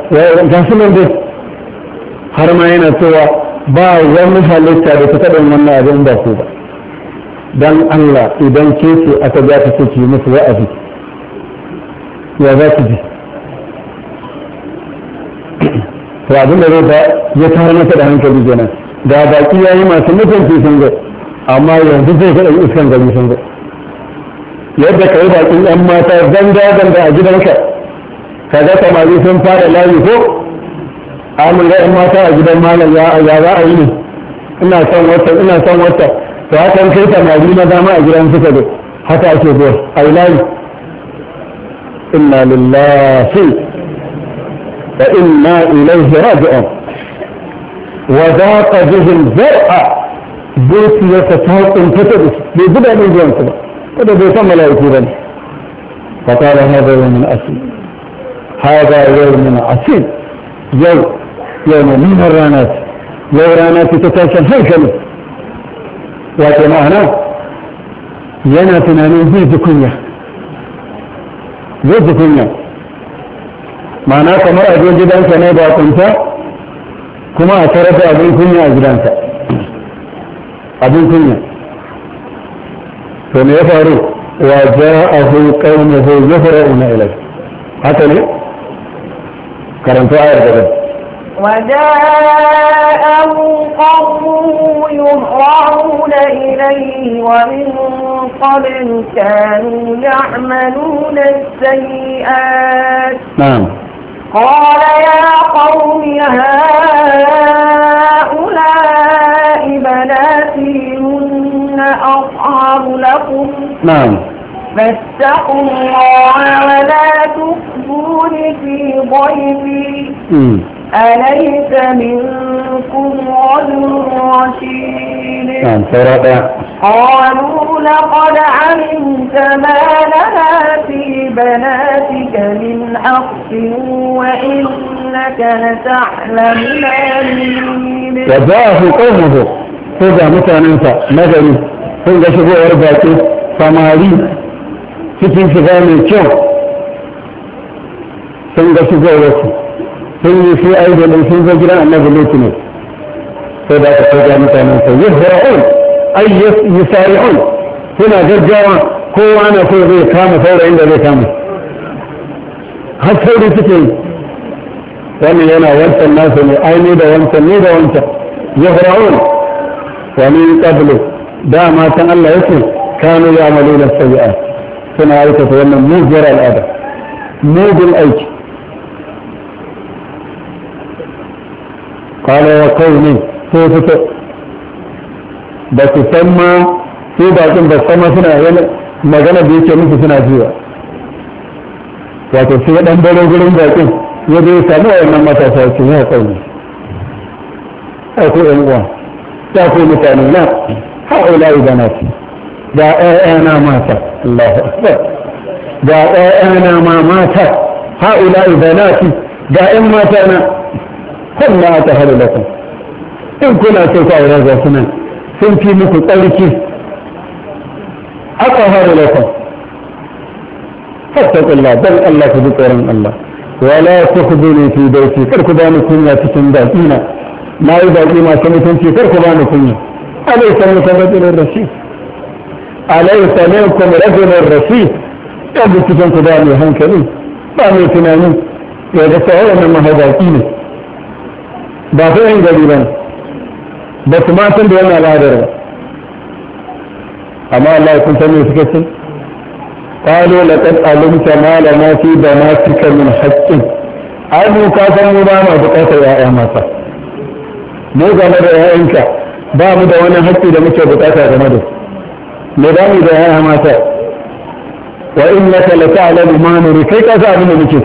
ga su nan dai har ma yana cewa ba wani halitta da ta taɓa wannan abin ba ku ba don Allah idan ke ce aka za ta ce ki musu wa'azi ya za ki ji to abin da zai ya tara masa da hankali kenan da baki yayi masu mutunci sun ga amma yanzu zai ga iskan gari sun ga yadda yi bakin yan mata zanga zanga a gidanka kaga samari sun fara layi ko amin ga yan mata a gidan malam ya ya za a yi ne ina son wata ina son wata to hakan kai samari na dama a gidan suka zo haka ake zuwa a yi layi inna lillahi wa inna ilaihi raji'un wa zaqa bihim zar'a zuciyarsa ta kuntata da su bai ji daɗin zuwansu ba kada bai san mala'iku ba ne fa qala hadha min asli هذا يوم عسير يوم يوم من الرانات يوم رانات تتاشن هيكل لكن هنا يناتنا من ذي الدكنية ذي الدكنية معنى كمرأة جدانك نيبا كنت كما أترك أبن كنية جدانك أبن كنية ثم يفعلوا وجاءه قومه يفرعون إليه حتى ليه karanto ayar gaba وجاءه قومه يهرعون إليه ومن قبل كانوا يعملون السيئات نعم قال يا قوم هؤلاء بناتي هن أطعم لكم نعم فاتقوا الله ولا تخزون في ضيفي أليس منكم رجل رشيد نعم، قالوا لقد علمت ما لنا في بناتك من حق وإنك لتعلم ما نريد وجاءه قومه ko مثلا مثلا nagari sun ga shigowar baki samari cikin shiga mai kyau sun ga shigar wasu sun yi su ai sun zo gidan annabi lutu sai da aka kai ga mutanen sa yahra'un ay yusari'un suna gaggawa kowa na so zai kama saurayin da zai kama har sauri suke yi wannan yana wancan nasu ne ai ni da wancan ni da wancan yahra'un wani min qablu dama tan Allah yake kanu ya'maluna sayyi'at suna aikata wannan mugiyar al'ada mugun aiki kala ya kai ne sai fito ba su san ma su bakin ba san suna suna magana da yake musu suna jiwa wato su dan bare gurin bakin ya zai sami a wannan matasa su ya kai ne a ko yan uwa ta ko mutane na ha'ula idanati ga ‘ya'yana mata Allahu Akbar ga ‘ya'yana ma mata ha'ula ibanati ga ‘yan mata na kan ta hada da kun in kuna so ku aure ga sunan sun fi muku tsarki aka hada da kun fattakullah dan Allah ku ji tsoron Allah wala tukhduni fi baiti kar ku bani kunya cikin baki na na yi baki masu mutunci kar ku bani kunya alai san mutabbatin rashid أليس منكم رجل رشيد يجب أن تجنك داني هنك لي باني تناني يجب تهول من مهدالتين بافعين قليلا بس ما تنبي أنا لا أدرى أما الله يكون سمي فكسن قالوا لقد علمت ما لما في بناتك من حق أبو كاسم مبانا بقيت يا أماسا موغا مدى يا إنك بابو دواني حقي لمشي بقيت يا أماسا لذلك إذا أنا ما سأل وإنك لتعلم ما نري كيف أسأل من المجيس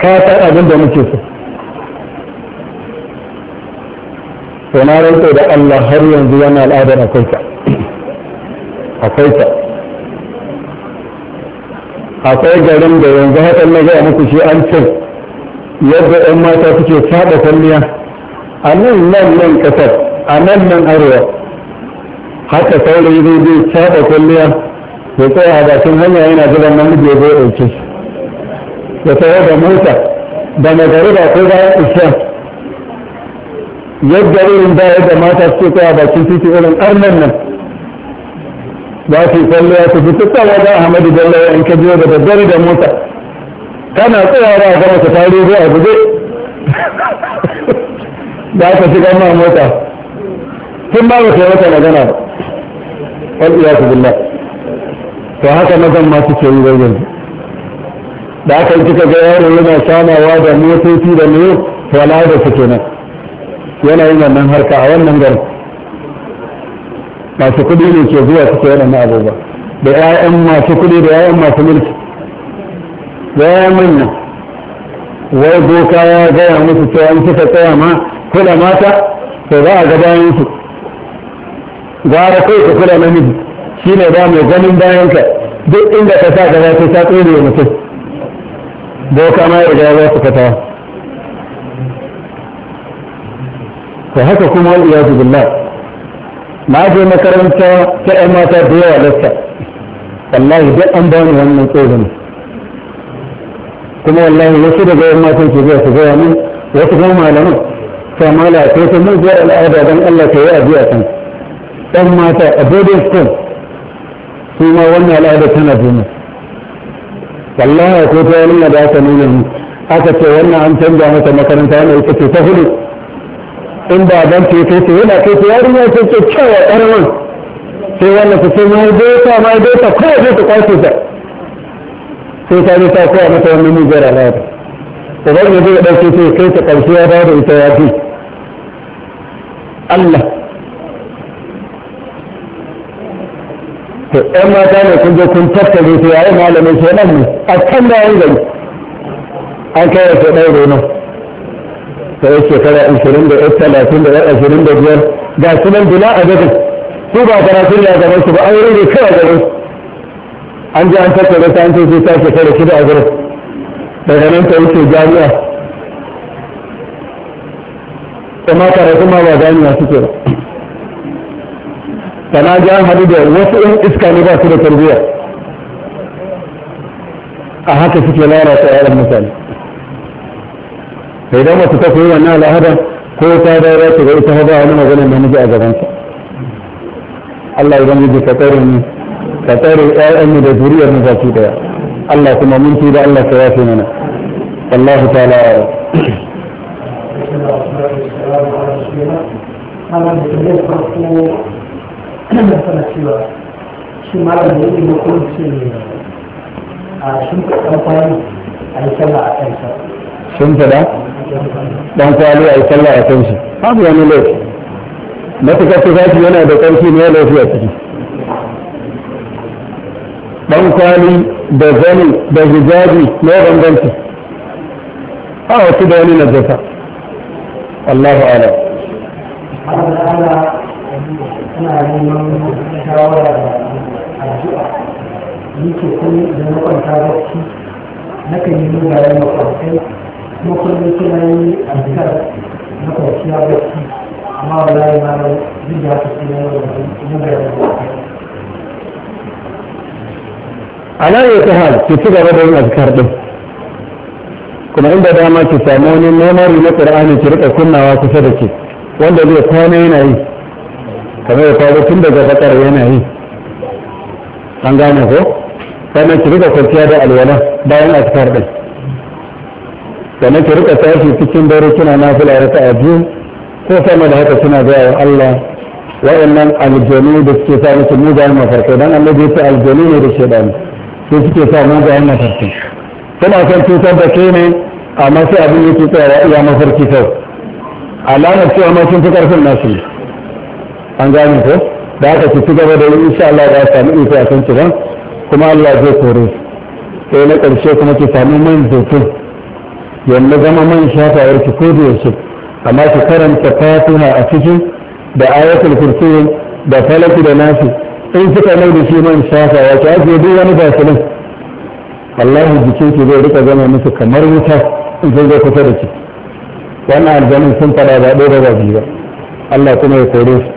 كيف أسأل من المجيس وما رأيت إذا الله هل ينزينا الآدم أكويتا أكويتا akwai garin da yanzu haka na gaya muku shi an ce yadda yan mata suke saba kwalliya a nan nan nan kasar a nan nan arewa haka saurayi zai zai saba kwalliya ya tsaya a bakin hanya yana jiran namiji ya zo ɗauke shi ya tsaya da mota da magariba ko bayan isha yadda irin bayar da mata suke tsaya bakin titi irin arnan nan za su yi kwalliya su fi tsawa da ahmadu bello in ka biyo da daddare da mota kana tsayawa a gama ka tare zuwa guje za ka shiga ma mota tun ba ka kai mata magana ba wal iyasu billah to haka mazan ma suke da aka yi kika ga yaro yana samawa da motoci da ne to al'ada su kenan yana yin wannan harka a wannan garin masu kudi ne ke zuwa suke yana na abubuwa da 'ya'yan masu kudi da 'ya'yan masu mulki da 'ya'yan manya wai doka ya gaya musu cewa in kika tsaya ma kula mata to za a ga bayan su gara kai ka kula namiji shi ne ba mai ganin bayan ka duk inda ka sa gaba sai ta tsere wa mutum boka kama ya gaba su fata to haka kuma wal iyazu billah na je makaranta ta 'yan mata da yawa lasta wallahi duk an bani wannan tsoron kuma wallahi wasu daga ƴan matan ke zuwa su gaya min wasu kuma malaman ta mala sai ta mun zuwa al'ada don Allah ta yi abu a kansu ɗan mata a bodin school su ma wannan al'ada tana duniya wallahi ko ta wani da aka nuna mu aka ce wannan an canza masa makaranta wannan ita ce ta hudu in ba ban ce kai ce yana kai ce yarinya ce ce kyawa ƙaramin sai wannan ta ce mai dota mai dota ko zai ta kwace ta sai ta yi ta kowa masa wannan mugar al'ada ubangiji ya ɗauke ce kai ta ƙarshe ya dawo da ita ya fi Allah to ɗan mata ne kun zo kun tattare su yayin malamin shaidan ne a can bayan gari an kai wa shaidan reno ta yi shekara ashirin da ɗan talatin da ɗan ashirin da biyar ga su nan bila a gajin su ba karatun ya gaban su ba an rere kawai gaban su an ji an tattara ta an ce sai ta shekara shida a gurin daga nan ta wuce jami'a kuma karatun ma ba jami'a suke ba sana ja hadu da wasu ɗan iska ne ba su da tarbiyya a haka suke lalata yaran mutane sai dan wata ta koyi wannan al'ada ko ta dawo ta ga ita ba wani magana da miji a gabanta Allah idan miji ka tsare ni ka tsare ƴaƴan mu da zuriyar mu baki daya Allah kuma mun ci da Allah ka yafe mana Allah ta'ala Thank you. yana sana cewa shi malam da yake hukunci a shimfiɗan kwari a yi sallah a kan sa shimfiɗa dan kwali a yi sallah a kan shi babu wani laifi matuƙar tufafi yana da ƙarfi ne laifi a ciki dan kwali da zani da hijabi ne bambanci a wasu da wani najasa Allahu a'lam. Allah suna neman shawara da addu'a ni ke kuma da na kwanta bacci na kan yi kuma kullum na yi na kwanciya bacci amma yi ma da a ta hal ke ci gaba da yin azkar din kuma inda dama ki samu wani memory na qur'ani ki rika kunnawa kusa da ke wanda zai kwana yana yi kamar ya faru tun daga bakar yana yi an gane ko sannan ki rika kwanciya da alwala bayan a fitar ɗin sannan ki rika tashi cikin dare kina nafila raka a biyu ko sama da haka kina gaya wa Allah wa'annan aljanu da suke sa miki mugayen mafarkai dan Allah bai ce aljanu ne da shedani sai suke sa mugayen mafarkai suna son cutar da kai ne amma sai abin yake tsayawa iya mafarki sau alamar cewa ma sun fi karfin nasu ne an gane ko da aka ci gaba da yin insha Allah za sami iko a kan kuma Allah zai kore sai na ƙarshe kuma ki sami man zaitun yamma zama man shafawar ki ko da yaushe amma ki karanta fatiha a cikin da ayatul kursiyin da falaki da nasi in kika mai da shi man shafawa ki ajiye duk wani basilin wallahi jikin ki zai rika zama musu kamar wuta in zai zai kusa da ki wannan aljanin sun fada ba ɗaya ba biyu ba Allah kuma ya kore su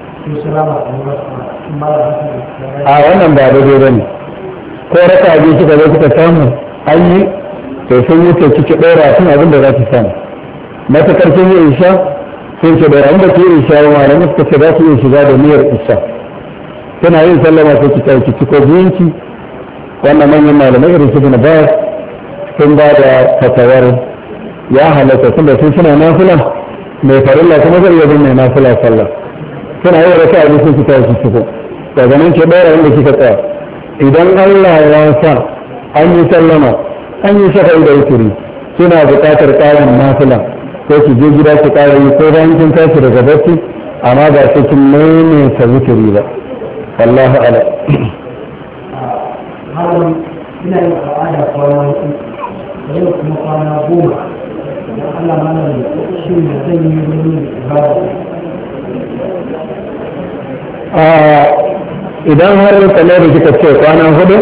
a wannan ba daidai ba ne ko raka biyu kika zo kika samu an yi to sun ta kike ɗora tun abin da za ki samu matakar kin yi isha sun ce ɗora inda ke yi isha ma ranar suka ce za su yi shiga da niyyar isha tana yin sallama sai ki ɗauki ko biyanki wannan manyan malamai irin su bin bayar sun ba da fatawar ya halatta da sun suna nafula mai farilla kuma zai iya bin mai nafula sallah suna yi raka abin sun fita su shigo daga nan ke bayar wanda kika tsaya idan allah ya sa an yi sallama an yi shafa'i da wuturi suna buƙatar ƙarin nafila ko ki je gida ki ƙara yi ko bayan kin tashi daga barci amma ba sai kin maimaita wuturi ba allahu ala ina yin yau kuma kwana goma da Allah mana da shi da yi wani ibada idan har kamar da kika ce kwana hudu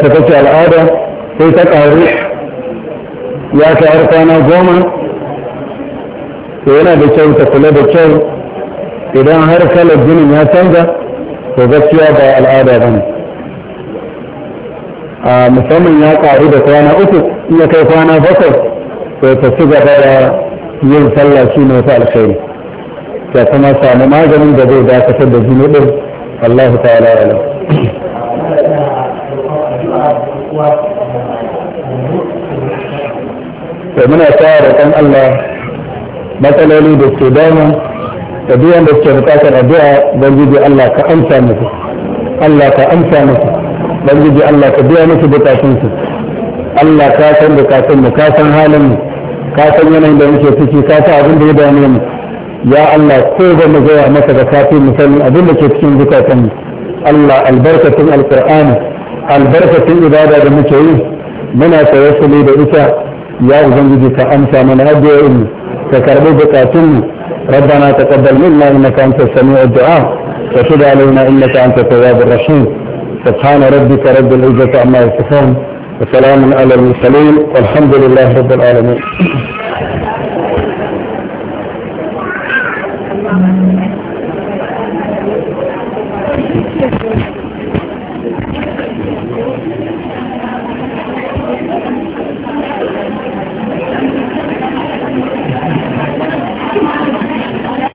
ta take al'ada sai ta ƙaru ya ta har kwana goma to yana da kyau ta kula da kyau idan har kalar jinin ya canza to gaskiya ba al'ada ba ne a musamman ya ƙaru da kwana uku in ya kai kwana bakwai to ta ci gaba da yin sallah shi ne ta alkhairi ya kuma samu maganin da zai dakatar da jini din Allah ta'ala alam da muna tsara kan Allah matsaloli da ke damun da duk wanda suke bukatar addu'a don gidi Allah ka amsa musu Allah ka amsa musu don gidi Allah ka biya musu bukatunsu Allah ka san bukatun mu ka san halin mu ka san yanayin da muke ciki ka san abin da ya dame mu ya Allah ko ba mu gaya maka da kafin misalin abin da ke cikin zukatan Allah albarkatun alqur'ani albarkatun ibada da muke yi muna tawassuli da ita ya ubangiji ka amsa mana addu'o'in ka karbi bukatun mu ربنا تقبل منا انك انت السميع الدعاء وتب علينا انك انت التواب الرحيم سبحان ربك رب العزه عما يصفون وسلام على المرسلين والحمد لله رب العالمين